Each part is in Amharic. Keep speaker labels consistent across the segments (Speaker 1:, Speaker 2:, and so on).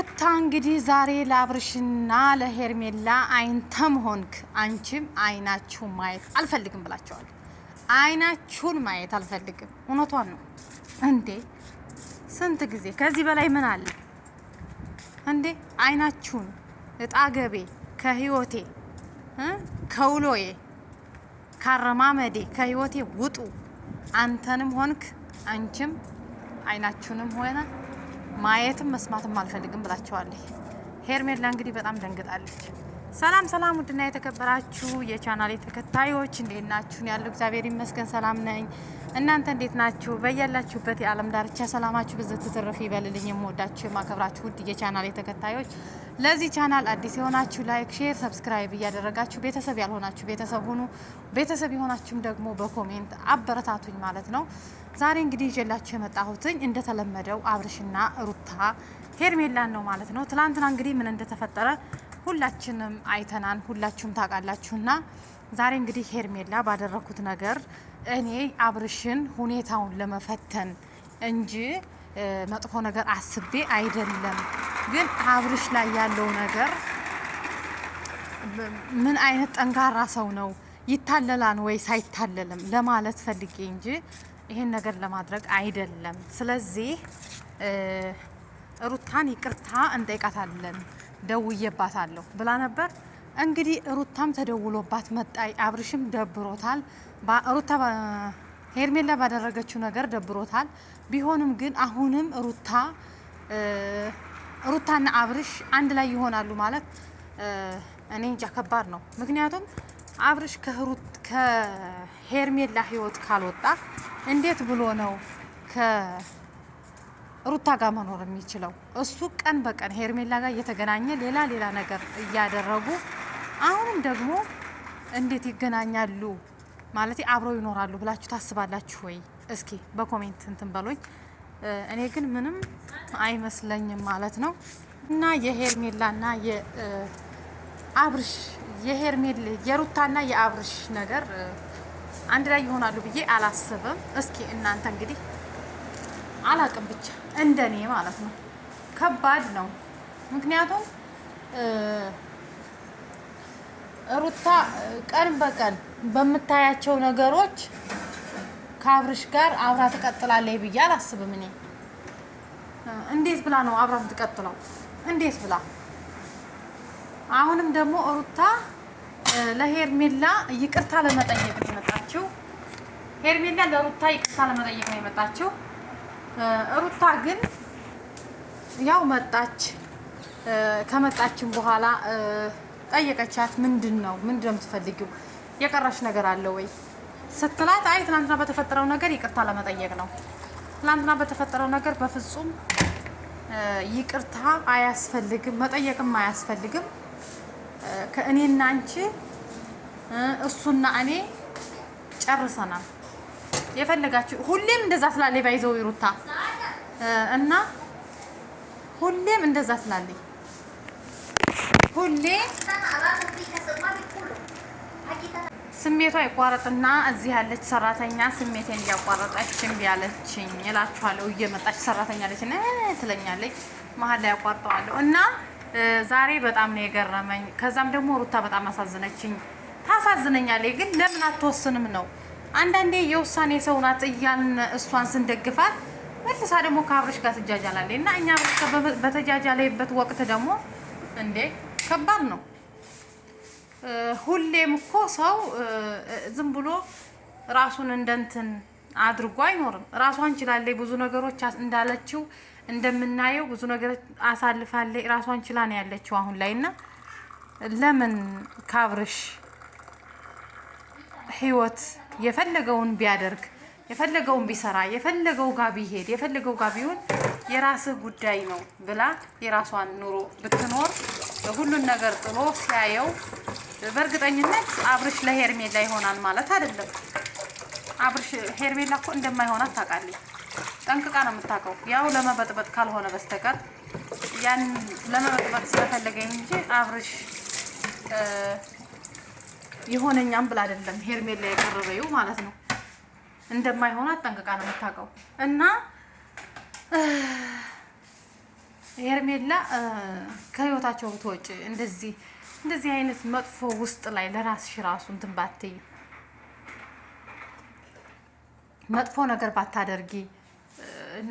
Speaker 1: ሩታ እንግዲህ ዛሬ ለአብርሽና ለሄርሜላ አይንተም ሆንክ አንቺም አይናችሁን ማየት አልፈልግም ብላቸዋል። አይናችሁን ማየት አልፈልግም። እውነቷን ነው እንዴ! ስንት ጊዜ ከዚህ በላይ ምን አለ እንዴ? አይናችሁን ገቤ ከህይወቴ ውጡ። አንተንም ሆንክ አንቺም አይናችሁንም ሆና ማየትም መስማትም አልፈልግም ብላቸዋለች ሄርሜላ። እንግዲህ በጣም ደንግጣለች። ሰላም ሰላም፣ ውድና የተከበራችሁ የቻናሌ ተከታዮች እንዴት ናችሁ? ያለው እግዚአብሔር ይመስገን ሰላም ነኝ። እናንተ እንዴት ናችሁ? በያላችሁበት የዓለም ዳርቻ ሰላማችሁ ብዝት ትርፍ ይበልልኝ። የምወዳችሁ የማከብራችሁ ውድ የቻናሌ ተከታዮች፣ ለዚህ ቻናል አዲስ የሆናችሁ ላይክ፣ ሼር፣ ሰብስክራይብ እያደረጋችሁ ቤተሰብ ያልሆናችሁ ቤተሰብ ሁኑ፣ ቤተሰብ የሆናችሁም ደግሞ በኮሜንት አበረታቱኝ ማለት ነው። ዛሬ እንግዲህ ይዤላችሁ የመጣሁትኝ እንደተለመደው አብርሽና ሩታ ሄርሜላን ነው ማለት ነው። ትላንትና እንግዲህ ምን እንደተፈጠረ ሁላችንም አይተናን ሁላችሁም ታውቃላችሁና ዛሬ እንግዲህ ሄርሜላ ባደረኩት ነገር እኔ አብርሽን ሁኔታውን ለመፈተን እንጂ መጥፎ ነገር አስቤ አይደለም። ግን አብርሽ ላይ ያለው ነገር ምን አይነት ጠንካራ ሰው ነው፣ ይታለላን ወይስ አይታለልም ለማለት ፈልጌ እንጂ ይሄን ነገር ለማድረግ አይደለም። ስለዚህ ሩታን ይቅርታ እንጠይቃታለን። ደውዬባታለሁ ብላ ነበር። እንግዲህ ሩታም ተደውሎባት መጣይ። አብርሽም ደብሮታል። ሩታ ሄርሜላ ባደረገችው ነገር ደብሮታል። ቢሆንም ግን አሁንም ሩታ ሩታና አብርሽ አንድ ላይ ይሆናሉ ማለት እኔ እንጃ፣ ከባድ ነው። ምክንያቱም አብርሽ ከሄርሜላ ህይወት ካልወጣ እንዴት ብሎ ነው ሩታ ጋር መኖር የሚችለው እሱ ቀን በቀን ሄርሜላ ጋር እየተገናኘ ሌላ ሌላ ነገር እያደረጉ አሁንም ደግሞ እንዴት ይገናኛሉ ማለት አብረው ይኖራሉ ብላችሁ ታስባላችሁ ወይ? እስኪ በኮሜንት እንትን በሎኝ። እኔ ግን ምንም አይመስለኝም ማለት ነው። እና ና የአብርሽ የሄርሜል ና የአብርሽ ነገር አንድ ላይ ይሆናሉ ብዬ አላስብም። እስኪ እናንተ እንግዲህ አላቅም ብቻ እንደኔ ማለት ነው። ከባድ ነው። ምክንያቱም ሩታ ቀን በቀን በምታያቸው ነገሮች ከአብርሽ ጋር አብራ ትቀጥላለች ብዬ አላስብም እኔ። እንዴት ብላ ነው አብራ ትቀጥለው? እንዴት ብላ አሁንም ደግሞ ሩታ ለሄርሜላ ይቅርታ ለመጠየቅ ነው የመጣችው። ሄርሜላ ለሩታ ይቅርታ ለመጠየቅ ነው የመጣችው። ሩታ ግን ያው መጣች። ከመጣችን በኋላ ጠየቀቻት። ምንድን ነው ምንድን ነው የምትፈልጊው? የቀራሽ ነገር አለ ወይ ስትላት፣ አይ ትናንትና በተፈጠረው ነገር ይቅርታ ለመጠየቅ ነው። ትናንትና በተፈጠረው ነገር በፍጹም ይቅርታ አያስፈልግም፣ መጠየቅም አያስፈልግም። ከእኔና አንቺ እሱና እኔ ጨርሰናል። የፈለጋችሁ ሁሌም እንደዛ ስላለ ባይዘው ይሩታ እና ሁሌም እንደዛ ስላለኝ ሁሌ ስሜቷ ይቋረጥና እዚህ ያለች ሰራተኛ ስሜቴን እያቋረጠች እምቢ አለችኝ እላችኋለሁ። እየመጣች ሰራተኛ አለች ትለኛለች። መሀል ላይ ያቋርጠዋለሁ እና ዛሬ በጣም ነው የገረመኝ። ከዛም ደግሞ ሩታ በጣም አሳዝነችኝ። ታሳዝነኛለች፣ ግን ለምን አትወስንም ነው አንዳንዴ የውሳኔ ሰው ናት እያልን እሷን ስንደግፋት መልሳ ደግሞ ከአብርሽ ጋር ትጃጃላለች እና እኛ በተጃጃለበት ወቅት ደግሞ እንዴ ከባድ ነው። ሁሌም እኮ ሰው ዝም ብሎ ራሱን እንደንትን አድርጎ አይኖርም። ራሷን ችላለ ብዙ ነገሮች እንዳለችው እንደምናየው ብዙ ነገር አሳልፋለች። ራሷን ችላ ነው ያለችው አሁን ላይ እና ለምን ካብርሽ ህይወት የፈለገውን ቢያደርግ የፈለገውን ቢሰራ የፈለገው ጋር ቢሄድ የፈለገው ጋር ቢሆን የራስህ ጉዳይ ነው ብላ የራሷን ኑሮ ብትኖር ሁሉን ነገር ጥሎ ሲያየው በእርግጠኝነት አብርሽ ለሄርሜላ ይሆናል ማለት አይደለም። አብርሽ ሄርሜላ እኮ እንደማይሆናት ታውቃለች፣ ጠንቅቃ ነው የምታውቀው። ያው ለመበጥበጥ ካልሆነ በስተቀር ያን ለመበጥበጥ ስለፈለገኝ እንጂ አብርሽ ይሆነኛም ብላ አይደለም ሄርሜላ የቀረበው ማለት ነው። እንደማይሆን አጠንቅቃ ነው የምታውቀው። እና ሄርሜላ ከህይወታቸው ብትወጪ እንደዚህ እንደዚህ አይነት መጥፎ ውስጥ ላይ ለራስሽ ራሱ እንትን ባትይ መጥፎ ነገር ባታደርጊ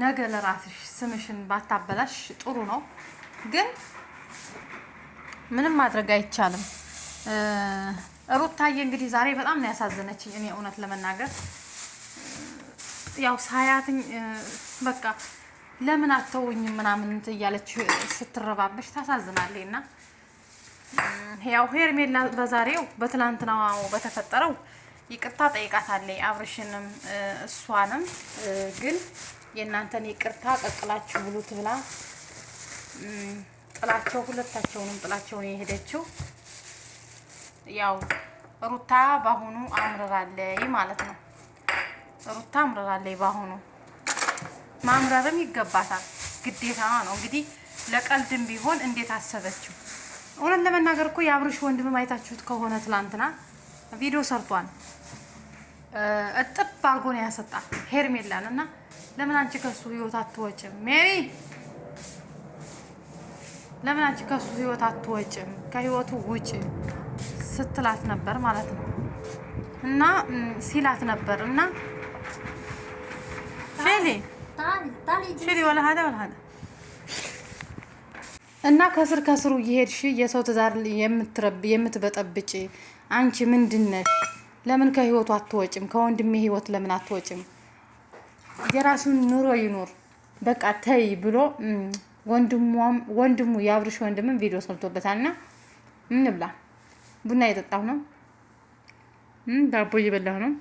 Speaker 1: ነገ ለራስሽ ስምሽን ባታበላሽ ጥሩ ነው። ግን ምንም ማድረግ አይቻልም። ሩታዬ እንግዲህ ዛሬ በጣም ነው ያሳዘነችኝ እኔ እውነት ለመናገር ያው ሳያትኝ በቃ ለምን አተውኝ ምናምን እያለች ስትረባበሽ ታሳዝናለች። እና ያው ሄርሜላ በዛሬው በትላንትናው በተፈጠረው ይቅርታ ጠይቃታለች። አብርሽንም እሷንም ግን የእናንተን ይቅርታ ቀቅላችሁ ብሉት ብላ ጥላቸው ሁለታቸውንም ጥላቸውን የሄደችው ያው ሩታ በአሁኑ አምርራለች ማለት ነው። ሩታ አምርራለች። በአሁኑ ማምረርም ይገባታል፣ ግዴታ ነው። እንግዲህ ለቀልድም ቢሆን እንዴት አሰበችው? እውነት ለመናገር እኮ የአብርሽ ወንድም አይታችሁት ከሆነ ትላንትና ቪዲዮ ሰርቷል። እጥብ አርጎ ነው ያሰጣ ሄርሜላን እና ለምን አንቺ ከሱ ህይወት አትወጭም? ሜሪ ለምን አንቺ ከሱ ህይወት አትወጭም? ከህይወቱ ውጭ ስትላት ነበር ማለት ነው እና ሲላት ነበር እና ሼሊ ሼሊ ወላ ሀዳ ወላ ሀዳ እና ከስር ከስሩ እየሄድሽ የሰው ትዛር የምትረብ የምትበጠብጭ አንቺ ምንድን ለምን ከህይወቱ አትወጭም? ከወንድሜ ህይወት ለምን አትወጭም? የራሱን ኑሮ ይኑር በቃ ተይ ብሎ ወንድሙ የአብርሽ ወንድምን ቪዲዮ ሰልቶበታል እና ምን ብላ ቡና እየጠጣሁ ነው፣ ዳቦ እየበላሁ ነው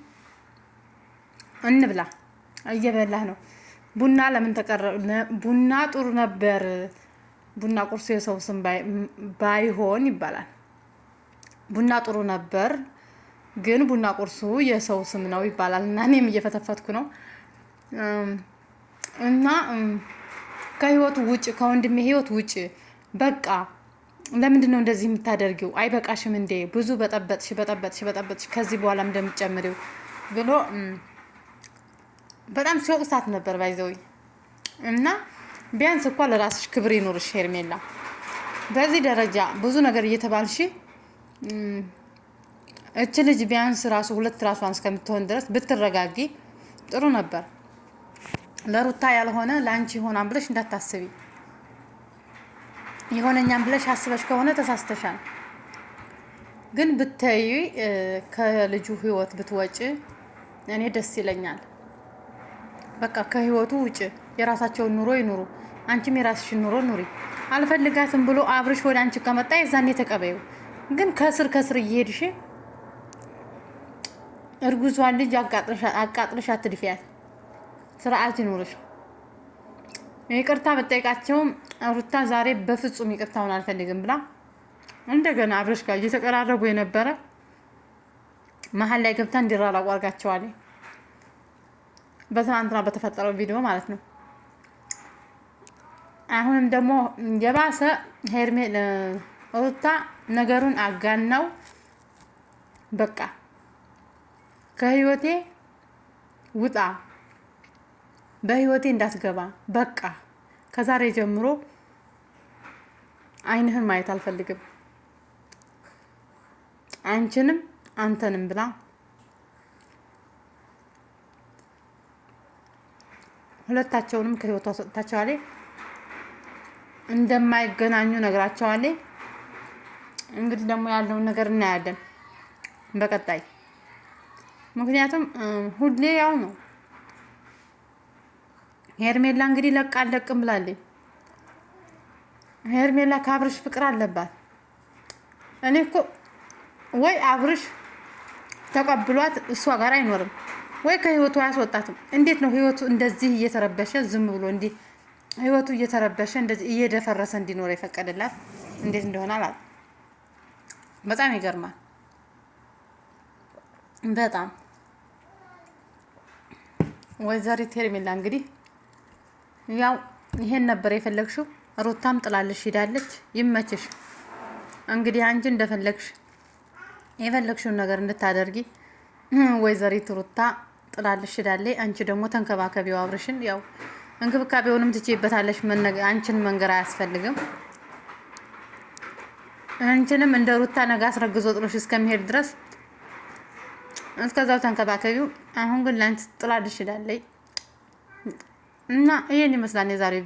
Speaker 1: እንብላ እየበላህ ነው። ቡና ለምን ተቀረ? ቡና ጥሩ ነበር። ቡና ቁርሱ የሰው ስም ባይሆን ይባላል። ቡና ጥሩ ነበር፣ ግን ቡና ቁርሱ የሰው ስም ነው ይባላል። እና እኔም እየፈተፈትኩ ነው። እና ከህይወት ውጭ ከወንድሜ ህይወት ውጭ በቃ ለምንድን ነው እንደዚህ የምታደርጊው? አይበቃሽም እንዴ? ብዙ በጠበጥሽ በጠበጥሽ በጠበጥሽ ከዚህ በኋላም እንደምትጨምሪው ብሎ በጣም ሲወቅ ሰዓት ነበር ባይዘውኝ እና ቢያንስ እኳ ለራስሽ ክብር ይኑርሽ ሄርሜላ። በዚህ ደረጃ ብዙ ነገር እየተባልሽ እች ልጅ ቢያንስ ራሱ ሁለት ራሷን እስከምትሆን ድረስ ብትረጋጊ ጥሩ ነበር። ለሩታ ያልሆነ ለአንቺ ይሆናል ብለሽ እንዳታስቢ። የሆነኛም ብለሽ አስበሽ ከሆነ ተሳስተሻል። ግን ብትይ ከልጁ ህይወት ብትወጪ እኔ ደስ ይለኛል። በቃ ከህይወቱ ውጭ የራሳቸውን ኑሮ ይኑሩ፣ አንቺም የራስሽን ኑሮ ኑሪ። አልፈልጋትም ብሎ አብርሽ ወደ አንቺ ከመጣ የዛኔ ተቀበዩ። ግን ከስር ከስር እየሄድሽ እርጉዟን ልጅ አቃጥልሽ አትድፊያት። ስርዓት ይኑርሽ። ይቅርታ በጠይቃቸውም ሩታ ዛሬ በፍጹም ይቅርታውን አልፈልግም ብላ እንደገና አብረሽ ጋር እየተቀራረቡ የነበረ መሀል ላይ ገብታ እንዲራራቁ አድርጋቸዋለች። በትናንትና በተፈጠረው ቪዲዮ ማለት ነው። አሁንም ደግሞ የባሰ ሄርሜ ሩታ ነገሩን አጋናው። በቃ ከህይወቴ ውጣ፣ በህይወቴ እንዳትገባ በቃ ከዛሬ ጀምሮ አይንህን ማየት አልፈልግም፣ አንቺንም አንተንም ብላ ሁለታቸውንም ከህይወቷ ሰጥታቸዋለች። እንደማይገናኙ ነግራቸዋለች። እንግዲህ ደግሞ ያለውን ነገር እናያለን በቀጣይ። ምክንያቱም ሁሌ ያው ነው። ሄርሜላ እንግዲህ ለቃ አለቅም ብላለች። ሄርሜላ ከአብርሽ ፍቅር አለባት። እኔ እኮ ወይ አብርሽ ተቀብሏት እሷ ጋር አይኖርም ወይ ከህይወቱ አያስወጣትም። እንዴት ነው ህይወቱ እንደዚህ እየተረበሸ ዝም ብሎ እንዲህ ህይወቱ እየተረበሸ እንደዚህ እየደፈረሰ እንዲኖር የፈቀደላት እንዴት እንደሆነ አላ በጣም ይገርማል። በጣም ወይዘሪት ሄርሜላ እንግዲህ ያው ይሄን ነበር የፈለግሽው። ሩታም ጥላልሽ ሂዳለች። ይመችሽ እንግዲህ አንቺ እንደፈለግሽ የፈለግሽውን ነገር እንድታደርጊ ወይዘሪት ሩታ ጥላልሽ ዳለይ አንቺ ደግሞ ተንከባከቢው አብርሽን። ያው እንክብካቤውንም ትችይበታለሽ። አንቺን መንገር አያስፈልግም። አንቺንም እንደ ሩታ ነገ አስረግዞ ጥሎሽ እስከሚሄድ ድረስ እስከዛው ተንከባከቢው። አሁን ግን ለአንቺ ጥላልሽ ዳለይ እና ይህን ይመስላል የዛሬ